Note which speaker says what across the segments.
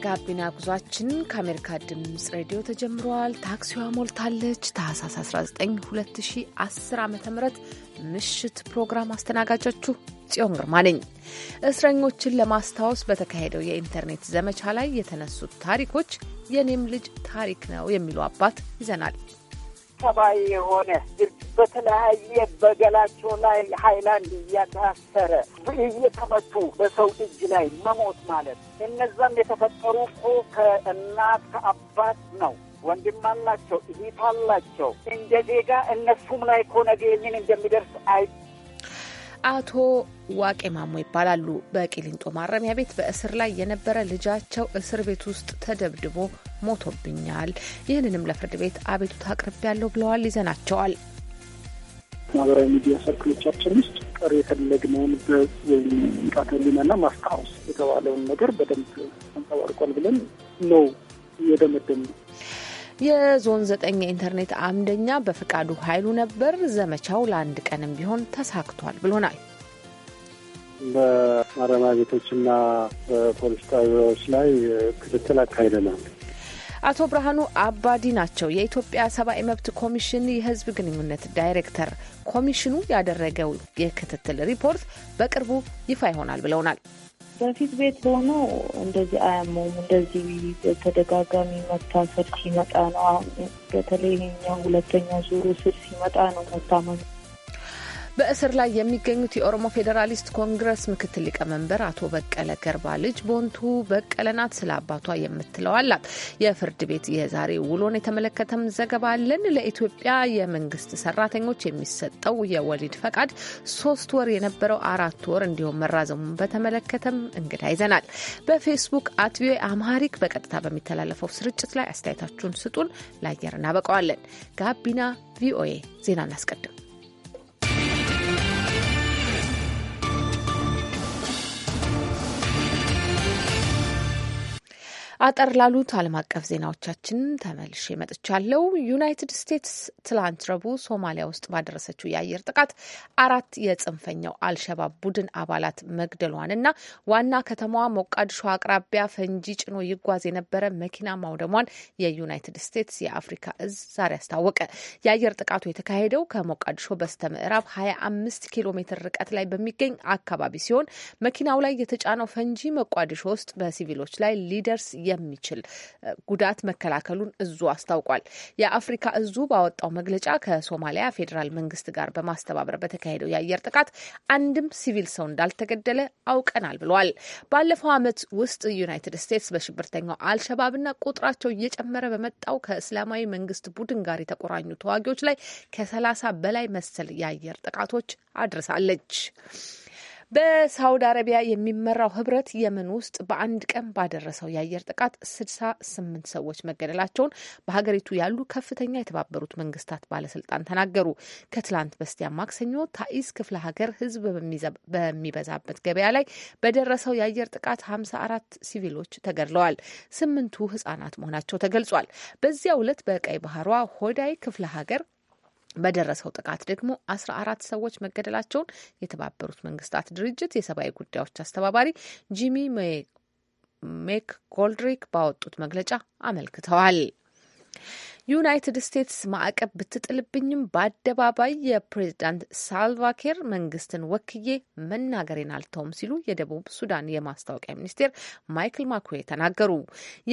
Speaker 1: የጋቢና ጉዟችን ከአሜሪካ ድምፅ ሬዲዮ ተጀምረዋል። ታክሲዋ ሞልታለች። ታህሳስ 19 2010 ዓ ም ምሽት ፕሮግራም አስተናጋጃችሁ ጽዮን ግርማ ነኝ። እስረኞችን ለማስታወስ በተካሄደው የኢንተርኔት ዘመቻ ላይ የተነሱት ታሪኮች የኔም ልጅ ታሪክ ነው የሚሉ አባት ይዘናል።
Speaker 2: ሰብአዊ የሆነ በተለያየ በገላቸው ላይ ሀይላንድ እያታሰረ እየተመቱ በሰው እጅ ላይ መሞት ማለት እነዛም የተፈጠሩ እኮ ከእናት ከአባት ነው። ወንድም አላቸው፣ እህት አላቸው። እንደ ዜጋ እነሱም ላይ እኮ ነገ እንደሚደርስ አይ
Speaker 1: አቶ ዋቄ ማሞ ይባላሉ። በቂሊንጦ ማረሚያ ቤት በእስር ላይ የነበረ ልጃቸው እስር ቤት ውስጥ ተደብድቦ ሞቶብኛል፣ ይህንንም ለፍርድ ቤት አቤቱታ አቅርቤያለሁ ብለዋል። ይዘናቸዋል።
Speaker 3: ማህበራዊ ሚዲያ ሰርክሎቻችን ውስጥ ቀር የፈለግነውን ወይም ንቃተ ማስታወስ
Speaker 2: የተባለውን ነገር በደንብ አንጸባርቋል ብለን ነው የደመደም ነው።
Speaker 1: የዞን ዘጠኝ የኢንተርኔት አምደኛ በፍቃዱ ኃይሉ ነበር። ዘመቻው ለአንድ ቀንም ቢሆን ተሳክቷል ብሎናል።
Speaker 3: በማረሚያ ቤቶችና በፖሊስ ጣቢያዎች ላይ ክትትል አካሂደናል።
Speaker 1: አቶ ብርሃኑ አባዲ ናቸው የኢትዮጵያ ሰብአዊ መብት ኮሚሽን የሕዝብ ግንኙነት ዳይሬክተር። ኮሚሽኑ ያደረገው የክትትል ሪፖርት በቅርቡ ይፋ ይሆናል ብለውናል።
Speaker 4: በፊት ቤት ሆኖ እንደዚህ አያመውም። እንደዚህ በተደጋጋሚ መታሰር ሲመጣ ነው። አሁን በተለይ ይሄኛው ሁለተኛ ዙሩ ስር ሲመጣ ነው መታመም
Speaker 1: በእስር ላይ የሚገኙት የኦሮሞ ፌዴራሊስት ኮንግረስ ምክትል ሊቀመንበር አቶ በቀለ ገርባ ልጅ ቦንቱ በቀለ ናት። ስለ አባቷ የምትለው አላት። የፍርድ ቤት የዛሬ ውሎን የተመለከተም ዘገባ አለን። ለኢትዮጵያ የመንግስት ሰራተኞች የሚሰጠው የወሊድ ፈቃድ ሶስት ወር የነበረው አራት ወር እንዲሁም መራዘሙን በተመለከተም እንግዳ ይዘናል። በፌስቡክ አት ቪኦኤ አማሪክ በቀጥታ በሚተላለፈው ስርጭት ላይ አስተያየታችሁን ስጡን፣ ለአየር እናበቀዋለን። ጋቢና ቪኦኤ ዜና እናስቀድም። አጠር ላሉት ዓለም አቀፍ ዜናዎቻችን ተመልሼ መጥቻለሁ። ዩናይትድ ስቴትስ ትላንት ረቡዕ ሶማሊያ ውስጥ ባደረሰችው የአየር ጥቃት አራት የጽንፈኛው አልሸባብ ቡድን አባላት መግደሏንና ዋና ከተማዋ ሞቃዲሾ አቅራቢያ ፈንጂ ጭኖ ይጓዝ የነበረ መኪና ማውደሟን የዩናይትድ ስቴትስ የአፍሪካ እዝ ዛሬ አስታወቀ። የአየር ጥቃቱ የተካሄደው ከሞቃዲሾ በስተ ምዕራብ 25 ኪሎ ሜትር ርቀት ላይ በሚገኝ አካባቢ ሲሆን መኪናው ላይ የተጫነው ፈንጂ ሞቃዲሾ ውስጥ በሲቪሎች ላይ ሊደርስ የሚችል ጉዳት መከላከሉን እዙ አስታውቋል። የአፍሪካ እዙ ባወጣው መግለጫ ከሶማሊያ ፌዴራል መንግስት ጋር በማስተባበር በተካሄደው የአየር ጥቃት አንድም ሲቪል ሰው እንዳልተገደለ አውቀናል ብለዋል። ባለፈው ዓመት ውስጥ ዩናይትድ ስቴትስ በሽብርተኛው አልሸባብና ቁጥራቸው እየጨመረ በመጣው ከእስላማዊ መንግስት ቡድን ጋር የተቆራኙ ተዋጊዎች ላይ ከሰላሳ በላይ መሰል የአየር ጥቃቶች አድርሳለች። በሳውዲ አረቢያ የሚመራው ህብረት የመን ውስጥ በአንድ ቀን ባደረሰው የአየር ጥቃት ስድሳ ስምንት ሰዎች መገደላቸውን በሀገሪቱ ያሉ ከፍተኛ የተባበሩት መንግስታት ባለስልጣን ተናገሩ። ከትላንት በስቲያ ማክሰኞ ታኢስ ክፍለ ሀገር ህዝብ በሚበዛበት ገበያ ላይ በደረሰው የአየር ጥቃት ሀምሳ አራት ሲቪሎች ተገድለዋል። ስምንቱ ህጻናት መሆናቸው ተገልጿል። በዚያ ዕለት በቀይ ባህሯ ሆዳይ ክፍለ ሀገር በደረሰው ጥቃት ደግሞ አስራ አራት ሰዎች መገደላቸውን የተባበሩት መንግስታት ድርጅት የሰብአዊ ጉዳዮች አስተባባሪ ጂሚ ሜክ ጎልድሪክ ባወጡት መግለጫ አመልክተዋል። ዩናይትድ ስቴትስ ማዕቀብ ብትጥልብኝም በአደባባይ የፕሬዝዳንት ሳልቫኪር መንግስትን ወክዬ መናገሬን አልተውም ሲሉ የደቡብ ሱዳን የማስታወቂያ ሚኒስቴር ማይክል ማኩዌ ተናገሩ።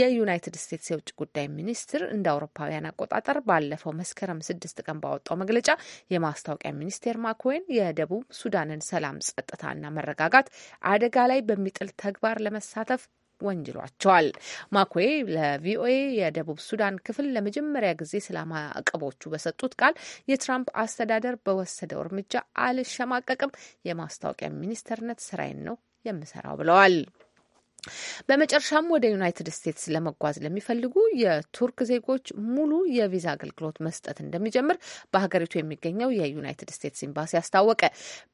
Speaker 1: የዩናይትድ ስቴትስ የውጭ ጉዳይ ሚኒስትር እንደ አውሮፓውያን አቆጣጠር ባለፈው መስከረም ስድስት ቀን ባወጣው መግለጫ የማስታወቂያ ሚኒስቴር ማኩዌን የደቡብ ሱዳንን ሰላም፣ ጸጥታና መረጋጋት አደጋ ላይ በሚጥል ተግባር ለመሳተፍ ወንጅሏቸዋል። ማኩዌ ለቪኦኤ የደቡብ ሱዳን ክፍል ለመጀመሪያ ጊዜ ስለ ማዕቀቦቹ በሰጡት ቃል የትራምፕ አስተዳደር በወሰደው እርምጃ አልሸማቀቅም፣ የማስታወቂያ ሚኒስተርነት ስራዬን ነው የምሰራው ብለዋል። በመጨረሻም ወደ ዩናይትድ ስቴትስ ለመጓዝ ለሚፈልጉ የቱርክ ዜጎች ሙሉ የቪዛ አገልግሎት መስጠት እንደሚጀምር በሀገሪቱ የሚገኘው የዩናይትድ ስቴትስ ኤምባሲ አስታወቀ።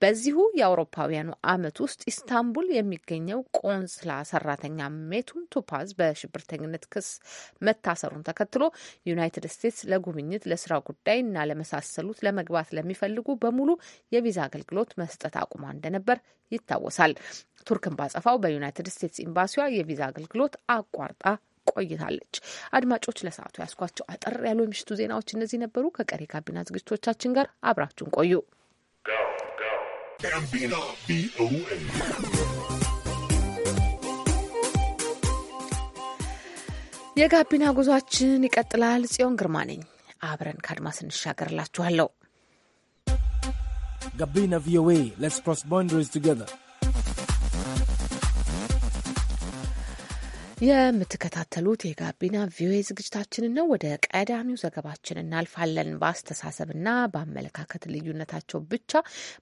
Speaker 1: በዚሁ የአውሮፓውያኑ ዓመት ውስጥ ኢስታንቡል የሚገኘው ቆንስላ ሰራተኛ ሜቱን ቱፓዝ በሽብርተኝነት ክስ መታሰሩን ተከትሎ ዩናይትድ ስቴትስ ለጉብኝት፣ ለስራ ጉዳይ እና ለመሳሰሉት ለመግባት ለሚፈልጉ በሙሉ የቪዛ አገልግሎት መስጠት አቁማ እንደነበር ይታወሳል። ቱርክን ባጸፋው በዩናይትድ ስቴትስ ኤምባሲ ኤምባሲዋ የቪዛ አገልግሎት አቋርጣ ቆይታለች። አድማጮች ለሰዓቱ ያስኳቸው አጠር ያሉ የምሽቱ ዜናዎች እነዚህ ነበሩ። ከቀሪ ካቢና ዝግጅቶቻችን ጋር አብራችሁን ቆዩ። የጋቢና ጉዟችን ይቀጥላል። ጽዮን ግርማ ነኝ። አብረን ከአድማስ እንሻገርላችኋለሁ።
Speaker 3: ጋቢና ቪኦኤ ሌትስ ክሮስ ባውንደሪስ ቱጌዘር
Speaker 1: የምትከታተሉት የጋቢና ቪኦኤ ዝግጅታችንን ነው። ወደ ቀዳሚው ዘገባችን እናልፋለን። በአስተሳሰብና በአመለካከት ልዩነታቸው ብቻ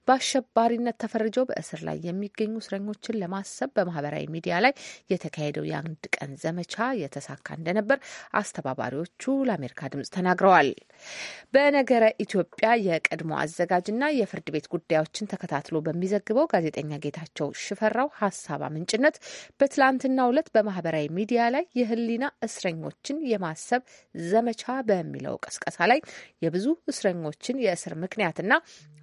Speaker 1: በአሸባሪነት ተፈርጀው በእስር ላይ የሚገኙ እስረኞችን ለማሰብ በማህበራዊ ሚዲያ ላይ የተካሄደው የአንድ ቀን ዘመቻ የተሳካ እንደነበር አስተባባሪዎቹ ለአሜሪካ ድምጽ ተናግረዋል። በነገረ ኢትዮጵያ የቀድሞ አዘጋጅና የፍርድ ቤት ጉዳዮችን ተከታትሎ በሚዘግበው ጋዜጠኛ ጌታቸው ሽፈራው ሀሳብ አምንጭነት በትላንትናው ዕለት በማህበራዊ ሚዲያ ላይ የህሊና እስረኞችን የማሰብ ዘመቻ በሚለው ቀስቀሳ ላይ የብዙ እስረኞችን የእስር ምክንያትና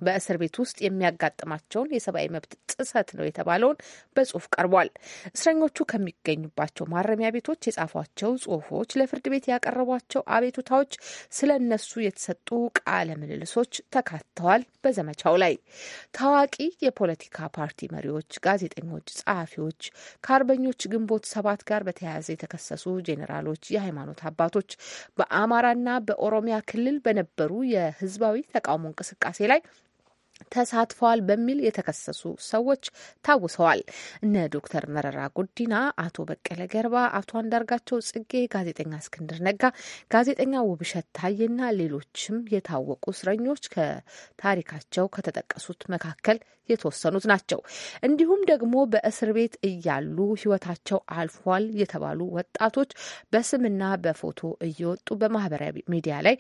Speaker 1: በእስር ቤት ውስጥ የሚያጋጥማቸውን የሰብአዊ መብት ጥሰት ነው የተባለውን በጽሁፍ ቀርቧል። እስረኞቹ ከሚገኙባቸው ማረሚያ ቤቶች የጻፏቸው ጽሁፎች፣ ለፍርድ ቤት ያቀረቧቸው አቤቱታዎች፣ ስለ እነሱ የተሰጡ ቃለ ምልልሶች ተካተዋል። በዘመቻው ላይ ታዋቂ የፖለቲካ ፓርቲ መሪዎች፣ ጋዜጠኞች፣ ጸሐፊዎች ከአርበኞች ግንቦት ሰባት ጋር በተያያዘ የተከሰሱ ጄኔራሎች፣ የሃይማኖት አባቶች በአማራና በኦሮሚያ ክልል በነበሩ የህዝባዊ ተቃውሞ እንቅስቃሴ ላይ ተሳትፈዋል በሚል የተከሰሱ ሰዎች ታውሰዋል። እነ ዶክተር መረራ ጉዲና፣ አቶ በቀለ ገርባ፣ አቶ አንዳርጋቸው ጽጌ፣ ጋዜጠኛ እስክንድር ነጋ፣ ጋዜጠኛ ውብሸት ታዬና ሌሎችም የታወቁ እስረኞች ከታሪካቸው ከተጠቀሱት መካከል የተወሰኑት ናቸው። እንዲሁም ደግሞ በእስር ቤት እያሉ ሕይወታቸው አልፏል የተባሉ ወጣቶች በስምና በፎቶ እየወጡ በማህበራዊ ሚዲያ ላይ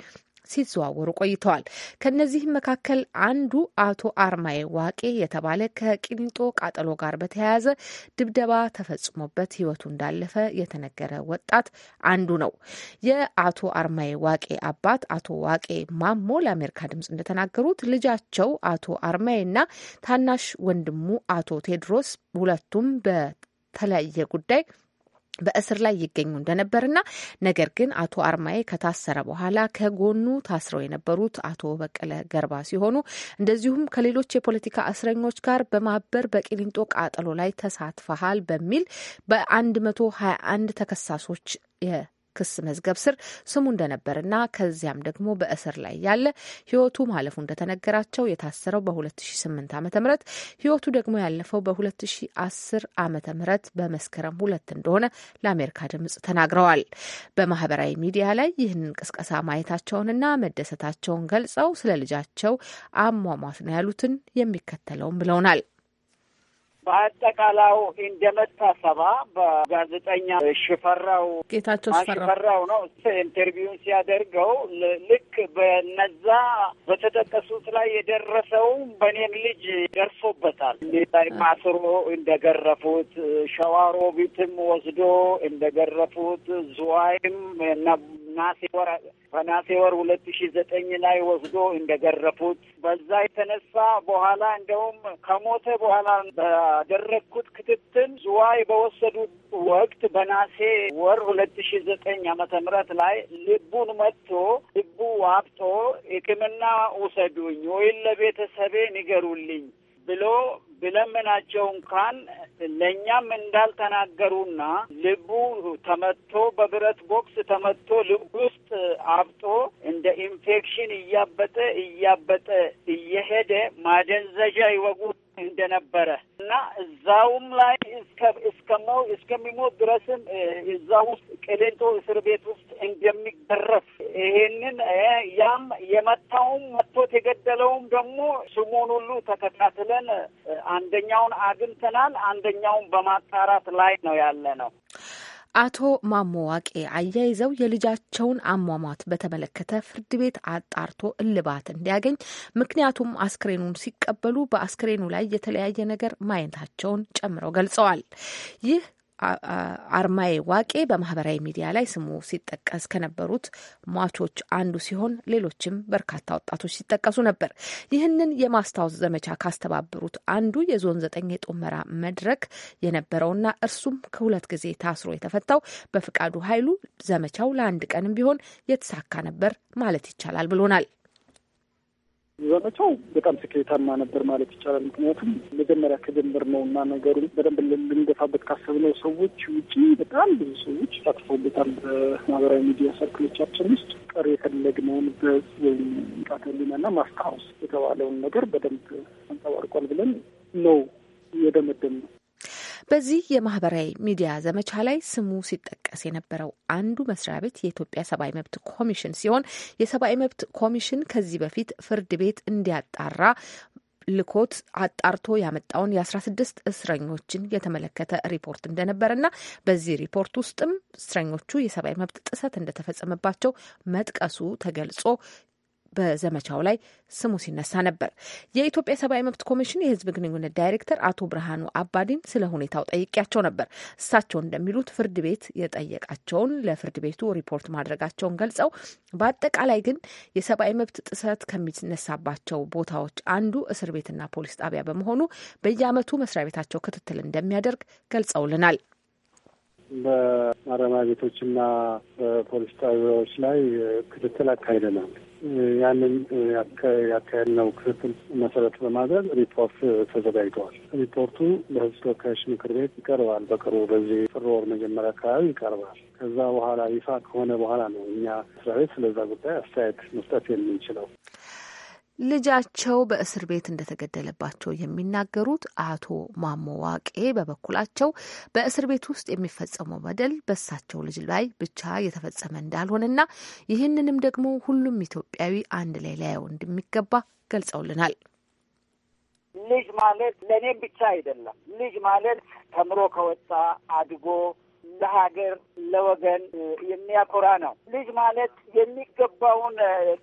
Speaker 1: ሲዘዋወሩ ቆይተዋል። ከእነዚህም መካከል አንዱ አቶ አርማዬ ዋቄ የተባለ ከቂሊንጦ ቃጠሎ ጋር በተያያዘ ድብደባ ተፈጽሞበት ሕይወቱ እንዳለፈ የተነገረ ወጣት አንዱ ነው። የአቶ አርማዬ ዋቄ አባት አቶ ዋቄ ማሞ ለአሜሪካ ድምጽ እንደተናገሩት ልጃቸው አቶ አርማዬና ታናሽ ወንድሙ አቶ ቴድሮስ ሁለቱም በተለያየ ጉዳይ በእስር ላይ ይገኙ እንደነበርና ነገር ግን አቶ አርማዬ ከታሰረ በኋላ ከጎኑ ታስረው የነበሩት አቶ በቀለ ገርባ ሲሆኑ እንደዚሁም ከሌሎች የፖለቲካ እስረኞች ጋር በማበር በቂሊንጦ ቃጠሎ ላይ ተሳትፈሃል በሚል በ121 ተከሳሾች ክስ መዝገብ ስር ስሙ እንደነበርና ከዚያም ደግሞ በእስር ላይ ያለ ህይወቱ ማለፉ እንደተነገራቸው የታሰረው በ2008 ዓ ም ህይወቱ ደግሞ ያለፈው በ2010 ዓ ም በመስከረም ሁለት እንደሆነ ለአሜሪካ ድምጽ ተናግረዋል። በማህበራዊ ሚዲያ ላይ ይህንን ቅስቀሳ ማየታቸውንና መደሰታቸውን ገልጸው ስለ ልጃቸው አሟሟት ነው ያሉትን የሚከተለውን ብለውናል።
Speaker 2: በአጠቃላው እንደመጣ ሰባ በጋዜጠኛ ሽፈራው ጌታቸው ሽፈራው ነው ኢንተርቪውን ሲያደርገው ልክ በነዛ በተጠቀሱት ላይ የደረሰው በኔም ልጅ ደርሶበታል። ላይ ማስሮ እንደገረፉት ሸዋሮቢትም ወስዶ እንደገረፉት ዝዋይም ነሐሴ ወር በነሐሴ ወር ሁለት ሺ ዘጠኝ ላይ ወስዶ እንደገረፉት በዛ የተነሳ በኋላ እንደውም ከሞተ በኋላ ባደረግኩት ክትትል ዝዋይ በወሰዱት ወቅት በናሴ ወር ሁለት ሺ ዘጠኝ ዓመተ ምህረት ላይ ልቡን መጥቶ ልቡ አብጦ ሕክምና ውሰዱኝ ወይም ለቤተሰቤ ንገሩልኝ ብሎ ብለምናቸው እንኳን ለእኛም እንዳልተናገሩና ልቡ ተመቶ በብረት ቦክስ ተመቶ ልብ ውስጥ አብጦ እንደ ኢንፌክሽን እያበጠ እያበጠ እየሄደ ማደንዘዣ ይወጉት እንደነበረ እና እዛውም ላይ እስከሞ እስከሚሞት ድረስም እዛ ውስጥ ቅሊንጦ እስር ቤት ውስጥ እንደሚገረፍ ይሄንን ያም የመታውም መቶት የገደለውም ደግሞ ስሙን ሁሉ ተከታትለን አንደኛውን አግኝተናል። አንደኛውን በማጣራት ላይ ነው ያለ ነው።
Speaker 1: አቶ ማሞ ዋቄ አያይዘው የልጃቸውን አሟሟት በተመለከተ ፍርድ ቤት አጣርቶ እልባት እንዲያገኝ ምክንያቱም አስክሬኑን ሲቀበሉ በአስክሬኑ ላይ የተለያየ ነገር ማየታቸውን ጨምረው ገልጸዋል። ይህ አርማዬ ዋቄ በማህበራዊ ሚዲያ ላይ ስሙ ሲጠቀስ ከነበሩት ሟቾች አንዱ ሲሆን ሌሎችም በርካታ ወጣቶች ሲጠቀሱ ነበር። ይህንን የማስታወስ ዘመቻ ካስተባበሩት አንዱ የዞን ዘጠኝ የጦመራ መድረክ የነበረውና እርሱም ከሁለት ጊዜ ታስሮ የተፈታው በፍቃዱ ኃይሉ ዘመቻው ለአንድ ቀንም ቢሆን የተሳካ ነበር ማለት ይቻላል ብሎናል።
Speaker 2: ዘመቻው በጣም ስኬታማ ነበር ማለት
Speaker 3: ይቻላል። ምክንያቱም መጀመሪያ ከጀምር ነው እና ነገሩን በደንብ ልንገፋበት ካሰብነው ሰዎች ውጪ በጣም ብዙ ሰዎች ተሳትፈውበታል። በማህበራዊ ሚዲያ ሰርክሎቻችን ውስጥ ቀር
Speaker 2: የፈለግነውን በዝ ወይም ንቃተ ና ማስታወስ የተባለውን ነገር በደንብ
Speaker 3: አንጸባርቋል ብለን ነው የደመደም ነው።
Speaker 1: በዚህ የማህበራዊ ሚዲያ ዘመቻ ላይ ስሙ ሲጠቀስ የነበረው አንዱ መስሪያ ቤት የኢትዮጵያ ሰብአዊ መብት ኮሚሽን ሲሆን የሰብአዊ መብት ኮሚሽን ከዚህ በፊት ፍርድ ቤት እንዲያጣራ ልኮት አጣርቶ ያመጣውን የ16 እስረኞችን የተመለከተ ሪፖርት እንደነበረና በዚህ ሪፖርት ውስጥም እስረኞቹ የሰብአዊ መብት ጥሰት እንደተፈጸመባቸው መጥቀሱ ተገልጾ በዘመቻው ላይ ስሙ ሲነሳ ነበር። የኢትዮጵያ ሰብአዊ መብት ኮሚሽን የህዝብ ግንኙነት ዳይሬክተር አቶ ብርሃኑ አባዲን ስለ ሁኔታው ጠይቄያቸው ነበር። እሳቸው እንደሚሉት ፍርድ ቤት የጠየቃቸውን ለፍርድ ቤቱ ሪፖርት ማድረጋቸውን ገልጸው በአጠቃላይ ግን የሰብአዊ መብት ጥሰት ከሚነሳባቸው ቦታዎች አንዱ እስር ቤትና ፖሊስ ጣቢያ በመሆኑ በየአመቱ መስሪያ ቤታቸው ክትትል እንደሚያደርግ ገልጸውልናል።
Speaker 3: በማረሚያ ቤቶችና በፖሊስ ጣቢያዎች ላይ ክትትል አካሂደናል። ያንን ነው ክትትል መሰረት በማድረግ ሪፖርት ተዘጋጅተዋል። ሪፖርቱ ለህዝብ ተወካዮች ምክር ቤት ይቀርባል። በቅርቡ በዚህ ጥር ወር መጀመሪያ አካባቢ ይቀርባል። ከዛ በኋላ ይፋ ከሆነ በኋላ ነው እኛ መስሪያ ቤት ስለዛ ጉዳይ አስተያየት መስጠት የምንችለው።
Speaker 1: ልጃቸው በእስር ቤት እንደተገደለባቸው የሚናገሩት አቶ ማሞ ዋቄ በበኩላቸው በእስር ቤት ውስጥ የሚፈጸመው በደል በሳቸው ልጅ ላይ ብቻ የተፈጸመ እንዳልሆነና ይህንንም ደግሞ ሁሉም ኢትዮጵያዊ አንድ ላይ ሊያየው እንደሚገባ ገልጸውልናል።
Speaker 2: ልጅ ማለት ለእኔም ብቻ አይደለም። ልጅ ማለት ተምሮ ከወጣ አድጎ ለሀገር ለወገን የሚያኮራ ነው። ልጅ ማለት የሚገባውን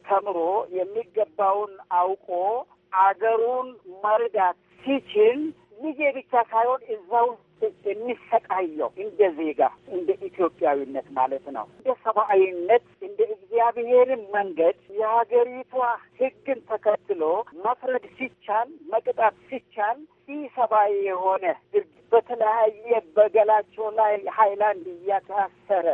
Speaker 2: ተምሮ የሚገባውን አውቆ አገሩን መርዳት ሲችል ልጄ ብቻ ሳይሆን እዛው የሚሰቃየው እንደ ዜጋ እንደ ኢትዮጵያዊነት ማለት ነው። እንደ ሰብአዊነት እንደ እግዚአብሔርን መንገድ የሀገሪቷ ሕግን ተከትሎ መፍረድ ሲቻል መቅጣት ሲቻል ይህ የሆነ ድርጊት በተለያየ በገላቸው ላይ ሀይላንድ እያታሰረ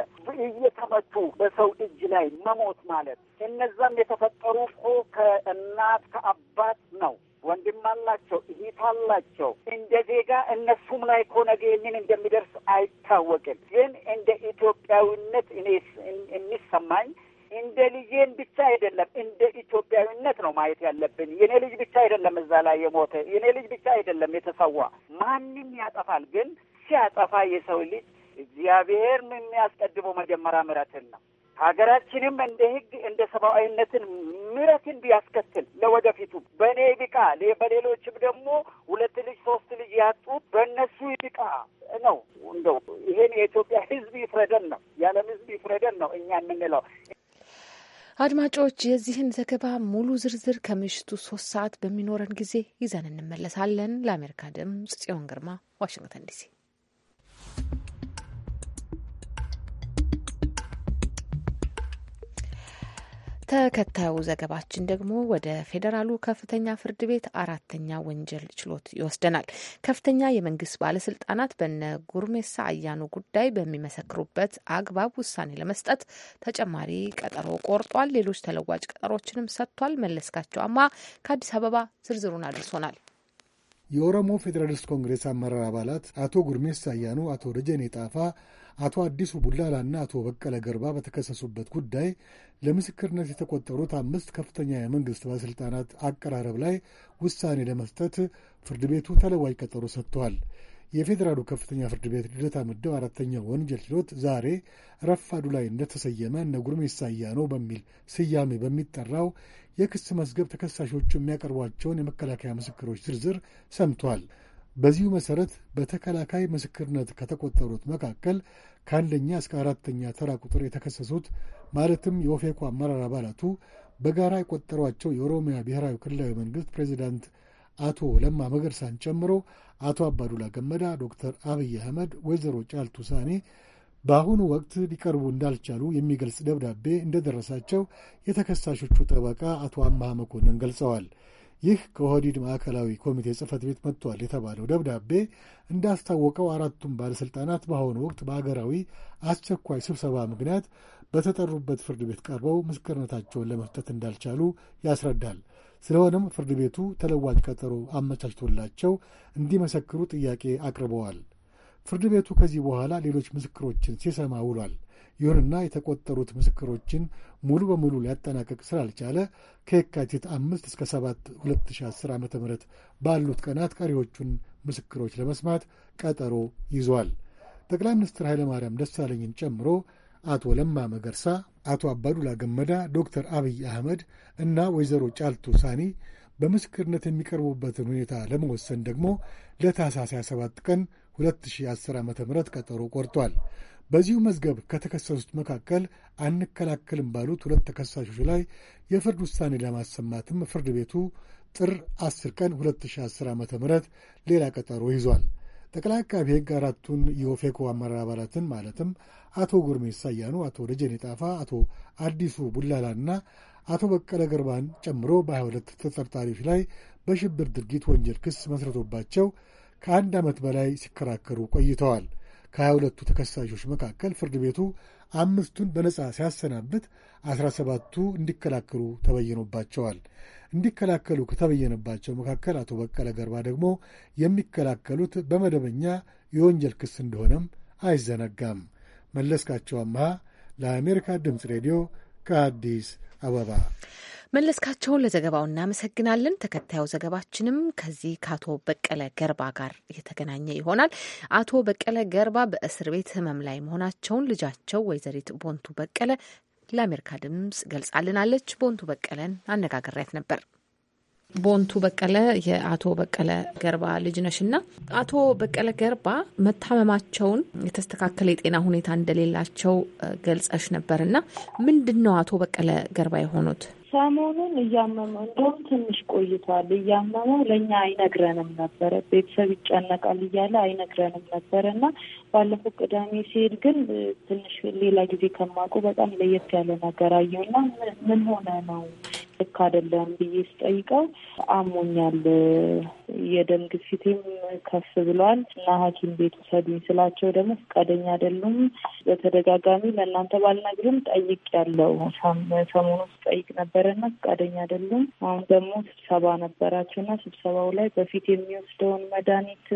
Speaker 2: እየተመቱ በሰው እጅ ላይ መሞት ማለት እነዛም የተፈጠሩ እኮ ከእናት ከአባት ነው ወንድም አላቸው፣ እህት አላቸው። እንደ ዜጋ እነሱም ላይ እኮ ነገ እንደሚደርስ አይታወቅም። ግን እንደ ኢትዮጵያዊነት እኔ የሚሰማኝ እንደ ልጄን ብቻ አይደለም እንደ ኢትዮጵያዊነት ነው ማየት ያለብን። የኔ ልጅ ብቻ አይደለም እዛ ላይ የሞተ የእኔ ልጅ ብቻ አይደለም የተሰዋ። ማንም ያጠፋል፣ ግን ሲያጠፋ የሰው ልጅ እግዚአብሔር የሚያስቀድመው መጀመሪያ ምሕረትን ነው። ሀገራችንም እንደ ህግ እንደ ሰብአዊነትን ምረትን ቢያስከትል ለወደፊቱ በእኔ ይብቃ፣ በሌሎችም ደግሞ ሁለት ልጅ ሶስት ልጅ ያጡት በእነሱ ይብቃ ነው። እንደው ይሄን የኢትዮጵያ ህዝብ ይፍረደን ነው፣ የዓለም ህዝብ ይፍረደን ነው እኛ የምንለው።
Speaker 1: አድማጮች የዚህን ዘገባ ሙሉ ዝርዝር ከምሽቱ ሶስት ሰዓት በሚኖረን ጊዜ ይዘን እንመለሳለን። ለአሜሪካ ድምጽ ጽዮን ግርማ ዋሽንግተን ዲሲ ተከታዩ ዘገባችን ደግሞ ወደ ፌዴራሉ ከፍተኛ ፍርድ ቤት አራተኛ ወንጀል ችሎት ይወስደናል። ከፍተኛ የመንግስት ባለስልጣናት በነ ጉርሜሳ አያኑ ጉዳይ በሚመሰክሩበት አግባብ ውሳኔ ለመስጠት ተጨማሪ ቀጠሮ ቆርጧል። ሌሎች ተለዋጭ ቀጠሮችንም ሰጥቷል። መለስካቸው አማ ከአዲስ አበባ ዝርዝሩን አድርሶናል።
Speaker 3: የኦሮሞ ፌዴራሊስት ኮንግሬስ አመራር አባላት አቶ ጉርሜሳ አያኑ፣ አቶ ደጀኔ ጣፋ አቶ አዲሱ ቡላላና አቶ በቀለ ገርባ በተከሰሱበት ጉዳይ ለምስክርነት የተቆጠሩት አምስት ከፍተኛ የመንግሥት ባለሥልጣናት አቀራረብ ላይ ውሳኔ ለመስጠት ፍርድ ቤቱ ተለዋጭ ቀጠሮ ሰጥቷል። የፌዴራሉ ከፍተኛ ፍርድ ቤት ልደታ ምድብ አራተኛው ወንጀል ችሎት ዛሬ ረፋዱ ላይ እንደተሰየመ እነ ጉርሜሳ አያኖ በሚል ስያሜ በሚጠራው የክስ መዝገብ ተከሳሾቹ የሚያቀርቧቸውን የመከላከያ ምስክሮች ዝርዝር ሰምቷል። በዚሁ መሠረት በተከላካይ ምስክርነት ከተቆጠሩት መካከል ከአንደኛ እስከ አራተኛ ተራ ቁጥር የተከሰሱት ማለትም የኦፌኮ አመራር አባላቱ በጋራ የቆጠሯቸው የኦሮሚያ ብሔራዊ ክልላዊ መንግሥት ፕሬዚዳንት አቶ ለማ መገርሳን ጨምሮ አቶ አባዱላ ገመዳ፣ ዶክተር አብይ አህመድ፣ ወይዘሮ ጫልቱ ሳኔ በአሁኑ ወቅት ሊቀርቡ እንዳልቻሉ የሚገልጽ ደብዳቤ እንደደረሳቸው የተከሳሾቹ ጠበቃ አቶ አማ መኮንን ገልጸዋል። ይህ ከኦህዲድ ማዕከላዊ ኮሚቴ ጽህፈት ቤት መጥቷል የተባለው ደብዳቤ እንዳስታወቀው አራቱም ባለሥልጣናት በአሁኑ ወቅት በአገራዊ አስቸኳይ ስብሰባ ምክንያት በተጠሩበት ፍርድ ቤት ቀርበው ምስክርነታቸውን ለመስጠት እንዳልቻሉ ያስረዳል። ስለሆነም ፍርድ ቤቱ ተለዋጭ ቀጠሮ አመቻችቶላቸው እንዲመሰክሩ ጥያቄ አቅርበዋል። ፍርድ ቤቱ ከዚህ በኋላ ሌሎች ምስክሮችን ሲሰማ ውሏል። ይሁንና የተቆጠሩት ምስክሮችን ሙሉ በሙሉ ሊያጠናቀቅ ስላልቻለ ከየካቲት አምስት እስከ ሰባት አስር ዓመተ ም ባሉት ቀናት ቀሪዎቹን ምስክሮች ለመስማት ቀጠሮ ይዟል። ጠቅላይ ሚኒስትር ኃይለማርያም ደሳለኝን ጨምሮ አቶ ለማ መገርሳ፣ አቶ አባዱላ ገመዳ፣ ዶክተር አብይ አህመድ እና ወይዘሮ ጫልቱ ሳኒ በምስክርነት የሚቀርቡበትን ሁኔታ ለመወሰን ደግሞ ለታህሳስ 27 ቀን 2010 ዓ ም ቀጠሮ ቆርጧል። በዚሁ መዝገብ ከተከሰሱት መካከል አንከላከልም ባሉት ሁለት ተከሳሾች ላይ የፍርድ ውሳኔ ለማሰማትም ፍርድ ቤቱ ጥር 10 ቀን 2010 ዓ ም ሌላ ቀጠሮ ይዟል። ጠቅላይ አቃቢ ሕግ አራቱን የኦፌኮ አመራር አባላትን ማለትም አቶ ጉርሜ አያኑ፣ አቶ ደጀኔ ጣፋ፣ አቶ አዲሱ ቡላላና አቶ በቀለ ገርባን ጨምሮ በ22 ተጠርጣሪዎች ላይ በሽብር ድርጊት ወንጀል ክስ መስርቶባቸው ከአንድ ዓመት በላይ ሲከራከሩ ቆይተዋል። ከሀያ ሁለቱ ተከሳሾች መካከል ፍርድ ቤቱ አምስቱን በነጻ ሲያሰናብት አስራ ሰባቱ እንዲከላከሉ ተበይኖባቸዋል። እንዲከላከሉ ከተበየነባቸው መካከል አቶ በቀለ ገርባ ደግሞ የሚከላከሉት በመደበኛ የወንጀል ክስ እንደሆነም አይዘነጋም። መለስካቸው አምሃ ለአሜሪካ ድምፅ ሬዲዮ ከአዲስ አበባ
Speaker 1: መለስካቸውን ለዘገባው እናመሰግናለን። ተከታዩ ዘገባችንም ከዚህ ከአቶ በቀለ ገርባ ጋር የተገናኘ ይሆናል። አቶ በቀለ ገርባ በእስር ቤት ሕመም ላይ መሆናቸውን ልጃቸው ወይዘሪት ቦንቱ በቀለ ለአሜሪካ ድምጽ ገልጻልናለች። ቦንቱ በቀለን አነጋግሬያት ነበር። ቦንቱ በቀለ የአቶ በቀለ ገርባ ልጅ ነሽ እና አቶ በቀለ ገርባ መታመማቸውን የተስተካከለ የጤና ሁኔታ እንደሌላቸው ገልጸሽ ነበር እና ምንድን ነው አቶ በቀለ ገርባ
Speaker 4: የሆኑት? ሰሞኑን እያመመው እንደውም ትንሽ ቆይቷል። እያመመው ለእኛ አይነግረንም ነበረ። ቤተሰብ ይጨነቃል እያለ አይነግረንም ነበረ እና ባለፈው ቅዳሜ ሲሄድ ግን ትንሽ ሌላ ጊዜ ከማውቁ በጣም ለየት ያለ ነገር አየሁ እና ምን ሆነ ነው ልክ አይደለም ብዬ ስጠይቀው አሞኛል፣ የደም ግፊቴም ከፍ ብሏል እና ሐኪም ቤት ውሰዱኝ ስላቸው ደግሞ ፈቃደኛ አይደሉም። በተደጋጋሚ ለእናንተ ባልነግርም ጠይቅ ያለው ሰሞኑ ጠይቅ ነበረ ነበረና ፈቃደኛ አይደሉም። አሁን ደግሞ ስብሰባ ነበራቸው እና ስብሰባው ላይ በፊት የሚወስደውን መድኃኒት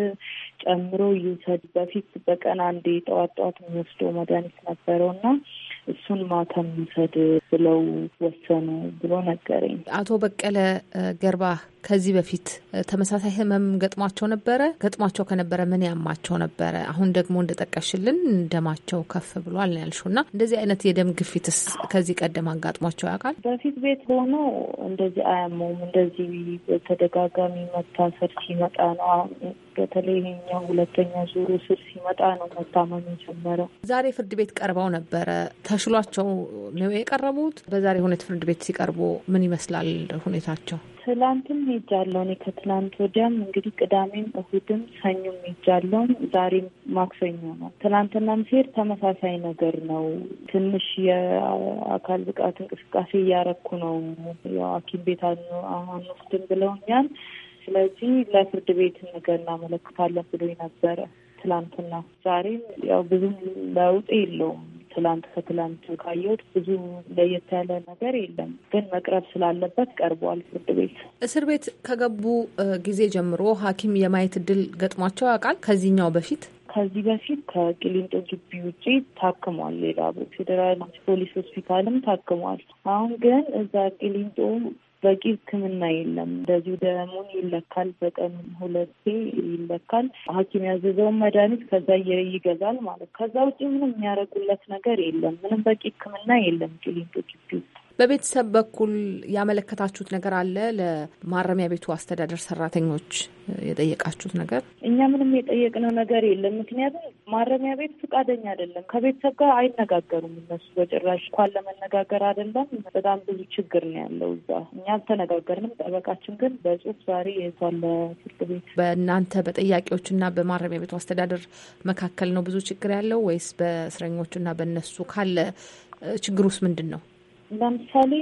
Speaker 4: ጨምሮ ይውሰድ። በፊት በቀን አንዴ ጠዋት ጠዋት የሚወስደው መድኃኒት ነበረው እና እሱን ማታ ይውሰድ ብለው ወሰኑ ብሎ ነገረኝ።
Speaker 1: አቶ በቀለ ገርባ ከዚህ በፊት ተመሳሳይ ህመም ገጥሟቸው ነበረ? ገጥሟቸው ከነበረ ምን ያማቸው ነበረ? አሁን ደግሞ እንደጠቀሽልን ደማቸው ከፍ ብሏል ነው ያልሽው እና እንደዚህ አይነት የደም ግፊትስ ከዚህ ቀደም አጋጥሟቸው ያውቃል?
Speaker 4: በፊት ቤት ሆኖ እንደዚህ አያመውም። እንደዚህ በተደጋጋሚ መታሰር ሲመጣ ነው በተለይ ይሄኛው ሁለተኛ ዙሩ ስር ሲመጣ ነው መታመም የጀመረው።
Speaker 1: ዛሬ ፍርድ ቤት ቀርበው ነበረ። ተሽሏቸው ነው የቀረቡት። በዛሬ ሁኔታ ፍርድ ቤት ሲቀርቡ ምን ይመስላል ሁኔታቸው?
Speaker 4: ትላንትም ሄጃለሁ። እኔ ከትላንት ወዲያም እንግዲህ ቅዳሜም፣ እሁድም፣ ሰኞም ሄጃለሁም ዛሬም ማክሰኞ ነው። ትላንትናም ስሄድ ተመሳሳይ ነገር ነው። ትንሽ የአካል ብቃት እንቅስቃሴ እያረኩ ነው። ያው ሐኪም ቤት አንወስድም ብለውኛል። ስለዚህ ለፍርድ ቤት ነገር እናመለክታለን ብሎኝ ነበረ ትላንትና። ዛሬም ያው ብዙም ለውጥ የለውም ትላንት ከትላንት ካየሁት ብዙ ለየት ያለ ነገር የለም፣ ግን መቅረብ ስላለበት ቀርቧል። ፍርድ ቤት
Speaker 1: እስር ቤት ከገቡ ጊዜ ጀምሮ
Speaker 4: ሐኪም የማየት እድል ገጥሟቸው ያውቃል? ከዚህኛው በፊት ከዚህ በፊት ከቅሊንጦ ግቢ ውጪ ታክሟል። ሌላ ፌዴራል ፖሊስ ሆስፒታልም ታክሟል። አሁን ግን እዛ ቅሊንጦ በቂ ሕክምና የለም። እንደዚሁ ደሙን ይለካል፣ በቀን ሁለቴ ይለካል። ሐኪም ያዘዘውን መድኃኒት ከዛ ይገዛል ማለት ከዛ ውጭ ምንም የሚያደርጉለት ነገር የለም። ምንም በቂ ሕክምና የለም ቂሊንጦ ግቢ
Speaker 1: ውስጥ በቤተሰብ በኩል ያመለከታችሁት ነገር አለ? ለማረሚያ ቤቱ አስተዳደር ሰራተኞች የጠየቃችሁት ነገር?
Speaker 4: እኛ ምንም የጠየቅነው ነገር የለም። ምክንያቱም ማረሚያ ቤት ፈቃደኛ አይደለም። ከቤተሰብ ጋር አይነጋገሩም እነሱ በጭራሽ። እንኳን ለመነጋገር አይደለም በጣም ብዙ ችግር ነው ያለው እዛ። እኛ አልተነጋገርንም። ጠበቃችን ግን በጽሁፍ ዛሬ የዛለ ፍርድ ቤት
Speaker 1: በእናንተ በጠያቂዎችና በማረሚያ ቤቱ አስተዳደር መካከል ነው ብዙ ችግር ያለው ወይስ በእስረኞቹና በእነሱ ካለ ችግር ውስጥ ምንድን ነው?
Speaker 4: ለምሳሌ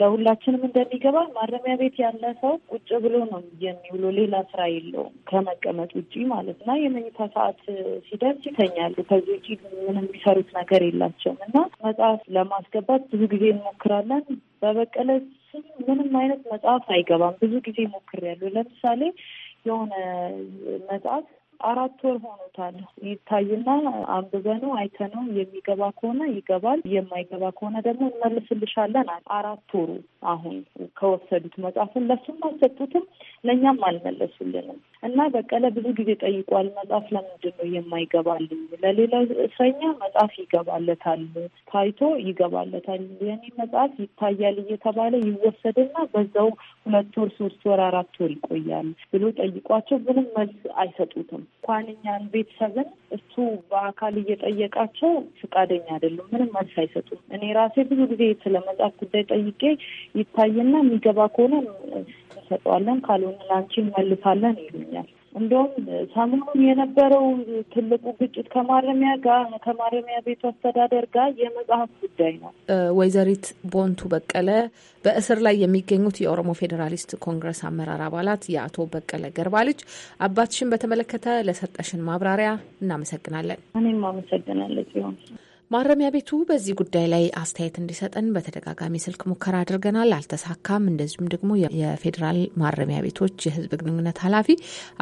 Speaker 4: ለሁላችንም እንደሚገባ ማረሚያ ቤት ያለ ሰው ቁጭ ብሎ ነው የሚውሎ፣ ሌላ ስራ የለውም ከመቀመጥ ውጭ ማለት እና የመኝታ ሰዓት ሲደርስ ይተኛሉ። ከዚህ ውጭ ምንም የሚሰሩት ነገር የላቸውም እና መጽሐፍ ለማስገባት ብዙ ጊዜ እንሞክራለን። በበቀለ ስም ምንም አይነት መጽሐፍ አይገባም። ብዙ ጊዜ ሞክሬያለሁ። ለምሳሌ የሆነ መጽሐፍ አራት ወር ሆኖታል። ይታይና አንብበነው አይተነው የሚገባ ከሆነ ይገባል፣ የማይገባ ከሆነ ደግሞ እንመልስልሻለን። አራት ወሩ አሁን ከወሰዱት መጽሐፉን ለሱም አልሰጡትም፣ ለእኛም አልመለሱልንም። እና በቀለ ብዙ ጊዜ ጠይቋል። መጽሐፍ ለምንድን ነው የማይገባልኝ? ለሌላ እስረኛ መጽሐፍ ይገባለታል፣ ታይቶ ይገባለታል። የኔ መጽሐፍ ይታያል እየተባለ ይወሰድና በዛው ሁለት ወር ሶስት ወር አራት ወር ይቆያል ብሎ ጠይቋቸው ምንም መልስ አይሰጡትም። እንኳን እኛን ቤተሰብን እሱ በአካል እየጠየቃቸው ፈቃደኛ አይደሉም። ምንም መልስ አይሰጡም። እኔ ራሴ ብዙ ጊዜ ስለ መጽሐፍ ጉዳይ ጠይቄ ይታይና የሚገባ ከሆነ እንሰጠዋለን፣ ካልሆነ ላንቺ እንመልሳለን ይሉኛል። እንደውም ሰሞኑን የነበረው ትልቁ ግጭት ከማረሚያ ጋር ከማረሚያ ቤቱ አስተዳደር ጋር የመጽሐፍ ጉዳይ ነው።
Speaker 1: ወይዘሪት ቦንቱ በቀለ በእስር ላይ የሚገኙት የኦሮሞ ፌዴራሊስት ኮንግረስ አመራር አባላት የአቶ በቀለ ገርባ ልጅ አባትሽን በተመለከተ ለሰጠሽን ማብራሪያ እናመሰግናለን። እኔም አመሰግናለች ሆን ማረሚያ ቤቱ በዚህ ጉዳይ ላይ አስተያየት እንዲሰጠን በተደጋጋሚ ስልክ ሙከራ አድርገናል፣ አልተሳካም። እንደዚሁም ደግሞ የፌዴራል ማረሚያ ቤቶች የህዝብ ግንኙነት ኃላፊ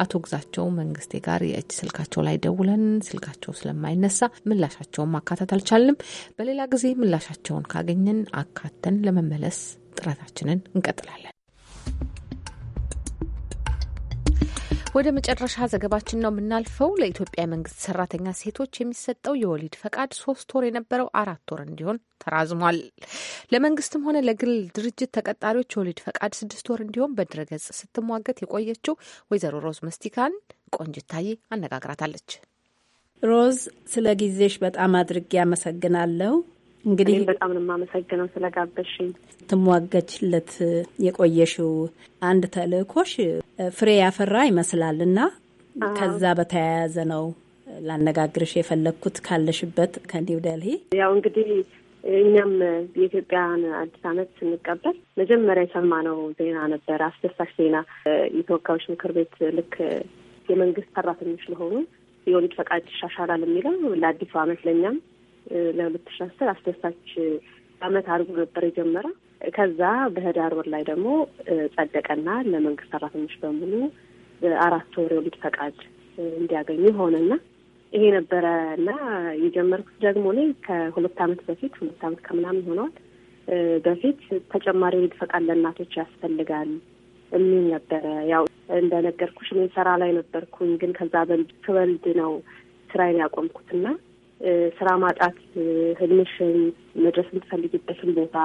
Speaker 1: አቶ ግዛቸው መንግስቴ ጋር የእጅ ስልካቸው ላይ ደውለን ስልካቸው ስለማይነሳ ምላሻቸውን ማካተት አልቻልንም። በሌላ ጊዜ ምላሻቸውን ካገኘን አካተን ለመመለስ ጥረታችንን እንቀጥላለን። ወደ መጨረሻ ዘገባችን ነው የምናልፈው። ለኢትዮጵያ መንግስት ሰራተኛ ሴቶች የሚሰጠው የወሊድ ፈቃድ ሶስት ወር የነበረው አራት ወር እንዲሆን ተራዝሟል። ለመንግስትም ሆነ ለግል ድርጅት ተቀጣሪዎች የወሊድ ፈቃድ ስድስት ወር እንዲሆን በድረገጽ ስትሟገት የቆየችው ወይዘሮ ሮዝ መስቲካን ቆንጅታዬ አነጋግራታለች። ሮዝ ስለ ጊዜሽ
Speaker 5: በጣም አድርጌ አመሰግናለሁ። እንግዲህ
Speaker 6: በጣም ነው የማመሰግነው
Speaker 5: ትሟገችለት የቆየሽው አንድ ተልእኮሽ ፍሬ ያፈራ ይመስላል እና ከዛ በተያያዘ ነው ላነጋግርሽ የፈለግኩት ካለሽበት ከኒው
Speaker 6: ደልሂ። ያው እንግዲህ እኛም የኢትዮጵያን አዲስ ዓመት ስንቀበል መጀመሪያ የሰማነው ዜና ነበር፣ አስደሳች ዜና የተወካዮች ምክር ቤት ልክ የመንግስት ሰራተኞች ለሆኑ የወሊድ ፈቃድ ይሻሻላል የሚለው ለአዲሱ ዓመት ለእኛም ለሁለት ሺ አስር አስደሳች አመት አድርጎ ነበር የጀመረ። ከዛ በህዳር ወር ላይ ደግሞ ጸደቀና ለመንግስት ሰራተኞች በሙሉ አራት ወር የወሊድ ፈቃድ እንዲያገኙ ሆነና ይሄ ነበረ እና የጀመርኩት ደግሞ እኔ ከሁለት አመት በፊት ሁለት አመት ከምናምን ሆነዋል በፊት ተጨማሪ የወሊድ ፈቃድ ለእናቶች ያስፈልጋል የሚል ነበረ። ያው እንደነገርኩሽ እኔ ስራ ላይ ነበርኩኝ፣ ግን ከዛ በልድ ትወልድ ነው ስራዬን ያቆምኩትና ስራ ማጣት ህልምሽን መድረስ የምትፈልግበትን ቦታ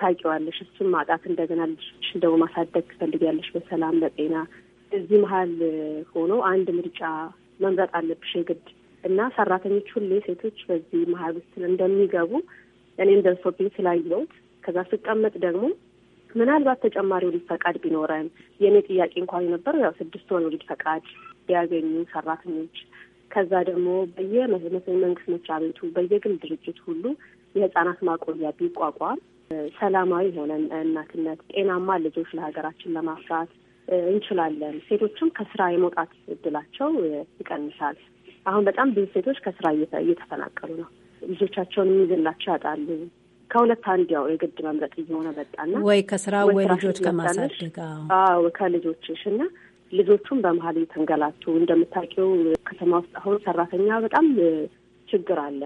Speaker 6: ታውቂዋለሽ። እሱን ማጣት እንደገና ልጅሽን ደግሞ ማሳደግ ትፈልጊያለሽ በሰላም በጤና። እዚህ መሀል ሆኖ አንድ ምርጫ መምረጥ አለብሽ የግድ እና ሰራተኞች ሁሌ ሴቶች በዚህ መሀል ውስጥ እንደሚገቡ እኔም ደርሶብኝ ስላየሁት ከዛ ስቀመጥ ደግሞ ምናልባት ተጨማሪ ውልድ ፈቃድ ቢኖረን የእኔ ጥያቄ እንኳን የነበረው ያው ስድስት ወር ውልድ ፈቃድ ያገኙ ሰራተኞች ከዛ ደግሞ በየመሰል መንግስት መስሪያ ቤቱ በየግል ድርጅት ሁሉ የህጻናት ማቆያ ቢቋቋም ሰላማዊ የሆነ እናትነት፣ ጤናማ ልጆች ለሀገራችን ለማፍራት እንችላለን። ሴቶችም ከስራ የመውጣት እድላቸው ይቀንሳል። አሁን በጣም ብዙ ሴቶች ከስራ እየተፈናቀሉ ነው። ልጆቻቸውን የሚይዝላቸው ያጣሉ። ከሁለት አንድ ያው የግድ መምረጥ እየሆነ መጣና ወይ ከስራ ወይ ልጆች ከማሳደግ ከልጆችሽ እና ልጆቹም በመሀል የተንገላቱ እንደምታውቂው ከተማ ውስጥ አሁን ሰራተኛ በጣም ችግር አለ።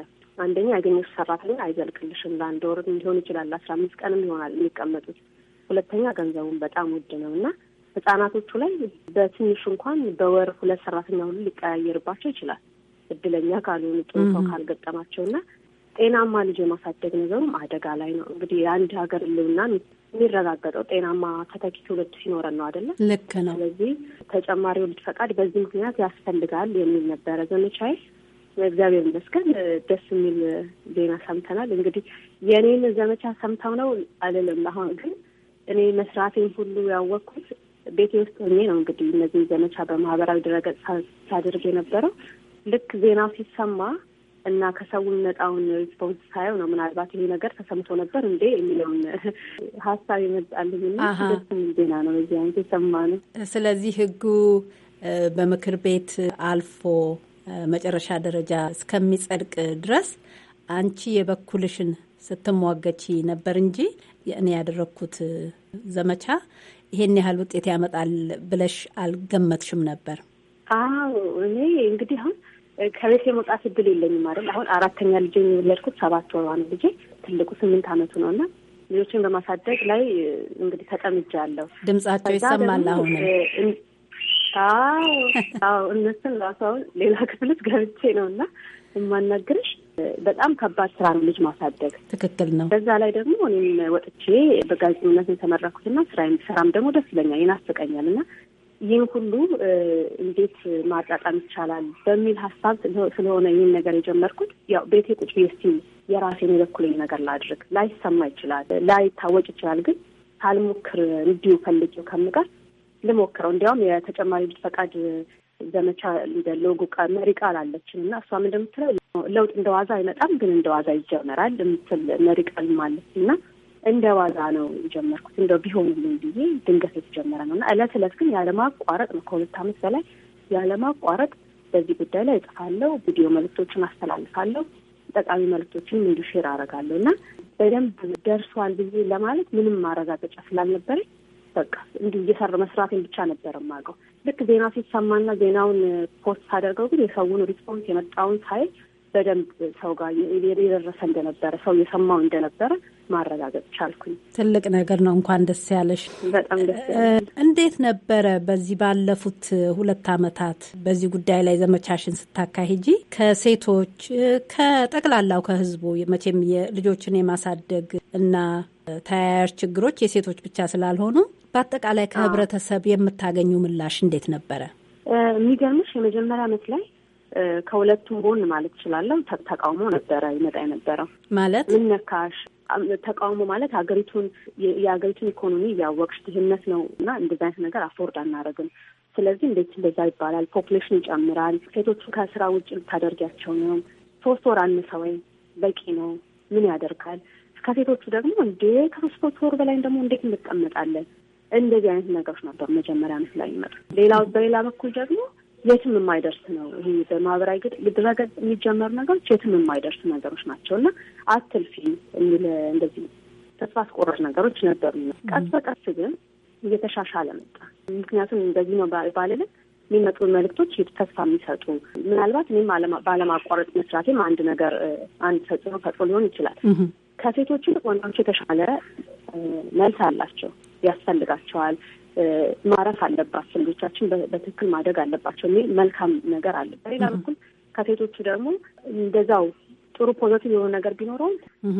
Speaker 6: አንደኛ ያገኘሽ ሰራተኛ አይዘልቅልሽም። ለአንድ ወር ሊሆን ይችላል፣ አስራ አምስት ቀንም ይሆናል የሚቀመጡት። ሁለተኛ ገንዘቡን በጣም ውድ ነው እና ህጻናቶቹ ላይ በትንሹ እንኳን በወር ሁለት ሰራተኛ ሁሉ ሊቀያየርባቸው ይችላል እድለኛ ካልሆኑ ጥሩ ሰው ካልገጠማቸውና ጤናማ ልጅ የማሳደግ ነገሩም አደጋ ላይ ነው። እንግዲህ የአንድ ሀገር ልብና የሚረጋገጠው ጤናማ ተተኪ ትውልድ ሲኖረን ነው አደለ? ልክ ነው። ስለዚህ ተጨማሪ ወሊድ ፈቃድ በዚህ ምክንያት ያስፈልጋል የሚል ነበረ ዘመቻዬ። እግዚአብሔር ይመስገን ደስ የሚል ዜና ሰምተናል። እንግዲህ የእኔን ዘመቻ ሰምተው ነው አልልም። አሁን ግን እኔ መስራቴን ሁሉ ያወቅኩት ቤቴ ውስጥ ሆኜ ነው። እንግዲህ እነዚህ ዘመቻ በማህበራዊ ድረገጽ ሳደርግ የነበረው ልክ ዜናው ሲሰማ እና ከሰው የሚመጣውን ሪስፖንስ ሳየው ነው ምናልባት ይሄ ነገር ተሰምቶ ነበር እንዴ የሚለውን ሀሳብ ይመጣልኝ እና ደስም ዜና ነው በዚህ አይነት የሰማ ነው። ስለዚህ ህጉ
Speaker 5: በምክር ቤት አልፎ መጨረሻ ደረጃ እስከሚጸድቅ ድረስ አንቺ የበኩልሽን ስትሟገች ነበር እንጂ እኔ ያደረግኩት ዘመቻ ይሄን ያህል ውጤት ያመጣል ብለሽ አልገመትሽም ነበር?
Speaker 6: አዎ እኔ እንግዲህ አሁን ከቤት የመውጣት እድል የለኝም አይደል። አሁን አራተኛ ልጅ የወለድኩት ሰባት ወሯ ነው ልጄ፣ ትልቁ ስምንት አመቱ ነው እና ልጆችን በማሳደግ ላይ እንግዲህ ተጠምጃለሁ። ድምጻቸው ይሰማል አሁን አዎ አዎ እነሱን ራሱ አሁን ሌላ ክፍል ውስጥ ገብቼ ነው እና የማናግርሽ። በጣም ከባድ ስራ ነው ልጅ ማሳደግ። ትክክል ነው። በዛ ላይ ደግሞ እኔም ወጥቼ በጋዜጠኝነት የተመረኩትና ስራ ስራም ደግሞ ደስ ይለኛል፣ ይናፍቀኛል እና ይህን ሁሉ እንዴት ማጣጣም ይቻላል በሚል ሀሳብ ስለሆነ ይህን ነገር የጀመርኩት ያው ቤቴ ቁጭ ብዬ የራሴን የበኩሌን ነገር ላድርግ። ላይሰማ ይችላል፣ ላይታወቅ ይችላል። ግን ሳልሞክር እንዲሁ ፈልጌው ከምቀር ልሞክረው። እንዲያውም የተጨማሪ ልጅ ፈቃድ ዘመቻ ሎጎ መሪ ቃል አለችን እና እሷም እንደምትለው ለውጥ እንደዋዛ አይመጣም፣ ግን እንደዋዛ ይጀመራል የምትል መሪ ቃል ማለት እና እንደ ዋዛ ነው የጀመርኩት። እንደው ቢሆንልኝ ብዬ ድንገት የተጀመረ ነው እና እለት እለት ግን ያለማቋረጥ ነው ከሁለት አመት በላይ ያለማቋረጥ በዚህ ጉዳይ ላይ እጽፋለሁ፣ ቪዲዮ መልእክቶችን አስተላልፋለሁ፣ ጠቃሚ መልእክቶችንም እንዲሁ ሼር አደርጋለሁ እና በደንብ ደርሷል ብዬ ለማለት ምንም ማረጋገጫ ስላልነበረኝ በቃ እንዲሁ እየሰር መስራትን ብቻ ነበር የማውቀው። ልክ ዜና ሲሰማና ዜናውን ፖስት ሳደርገው ግን የሰውን ሪስፖንስ የመጣውን ሳይ በደንብ ሰው ጋር የደረሰ እንደነበረ ሰው የሰማው እንደነበረ ማረጋገጥ ቻልኩኝ።
Speaker 5: ትልቅ ነገር ነው። እንኳን ደስ ያለሽ። በጣም ደስ እንዴት ነበረ በዚህ ባለፉት ሁለት አመታት በዚህ ጉዳይ ላይ ዘመቻሽን ስታካሂጂ ከሴቶች ከጠቅላላው ከህዝቡ መቼም የልጆችን የማሳደግ እና ተያያዥ ችግሮች የሴቶች ብቻ ስላልሆኑ በአጠቃላይ ከህብረተሰብ የምታገኙ ምላሽ እንዴት ነበረ?
Speaker 6: የሚገርምሽ የመጀመሪያ ዓመት ላይ ከሁለቱም ጎን ማለት እችላለሁ ተቃውሞ ነበረ ይመጣ የነበረው ማለት ምን ነካሽ ተቃውሞ ማለት ሀገሪቱን የሀገሪቱን ኢኮኖሚ እያወቅሽ ድህነት ነው እና እንደዚህ አይነት ነገር አፎርድ አናደርግም ስለዚህ እንዴት እንደዛ ይባላል ፖፕሌሽን ይጨምራል ሴቶቹ ከስራ ውጭ ልታደርጊያቸው ነው ሶስት ወር አነሰ ወይ በቂ ነው ምን ያደርጋል ከሴቶቹ ደግሞ እንዴ ከሶስት ወር በላይ ደግሞ እንዴት እንቀመጣለን እንደዚህ አይነት ነገሮች ነበር መጀመሪያ ምስል ላይ ይመጡ ሌላ በሌላ በኩል ደግሞ የትም የማይደርስ ነው። ይሄ በማህበራዊ ድረገጽ የሚጀመሩ ነገሮች የትም የማይደርስ ነገሮች ናቸው እና አትልፊ የሚል እንደዚህ ተስፋ አስቆራጭ ነገሮች ነበሩ። ቀስ በቀስ ግን እየተሻሻለ መጣ። ምክንያቱም እንደዚህ ነው ባልልም የሚመጡ መልእክቶች ተስፋ የሚሰጡ ምናልባት እኔም ባለማቋረጥ መስራቴም አንድ ነገር አንድ ተጽዕኖ ፈጥሮ ሊሆን ይችላል። ከሴቶች ይልቅ ወንዶች የተሻለ መልስ አላቸው፣ ያስፈልጋቸዋል ማረፍ አለባቸው፣ ልጆቻችን በትክክል ማደግ አለባቸው የሚል መልካም ነገር አለ። በሌላ በኩል ከሴቶቹ ደግሞ እንደዛው ጥሩ ፖዘቲቭ የሆነ ነገር ቢኖረውም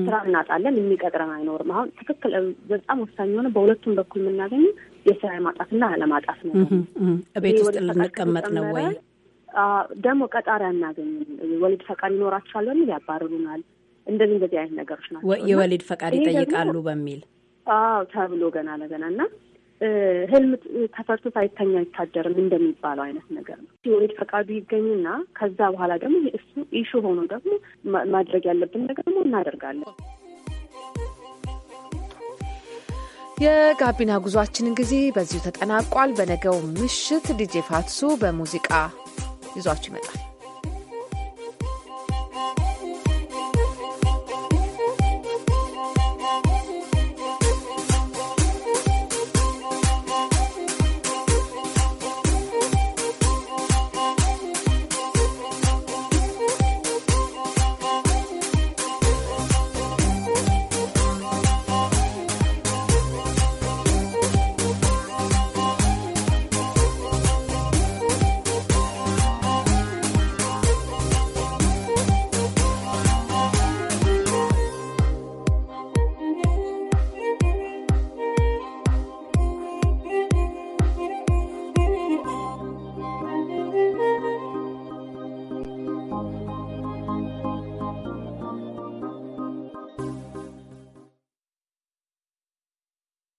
Speaker 6: ስራ እናጣለን፣ የሚቀጥረን አይኖርም። አሁን ትክክል በጣም ወሳኝ የሆነ በሁለቱም በኩል የምናገኘው የስራ ማጣትና አለማጣት ነው። ቤት ውስጥ ልንቀመጥ ነው ወይ ደግሞ ቀጣሪ አናገኝም። የወሊድ ፈቃድ ይኖራቸዋል በሚል ያባርሩናል። እንደዚህ እንደዚህ አይነት ነገሮች ናቸው። የወሊድ
Speaker 5: ፈቃድ ይጠይቃሉ በሚል
Speaker 6: አዎ ተብሎ ገና ለገና እና ህልም ተፈርቶ ሳይተኛ አይታደርም እንደሚባለው አይነት ነገር ነው። ሲወድ ፈቃዱ ይገኝና ከዛ በኋላ ደግሞ እሱ ኢሹ ሆኖ ደግሞ ማድረግ ያለብን ነገር ደግሞ እናደርጋለን።
Speaker 1: የጋቢና ጉዟችን ጊዜ በዚሁ ተጠናቋል። በነገው ምሽት ዲጄ ፋትሱ በሙዚቃ ይዟችሁ ይመጣል።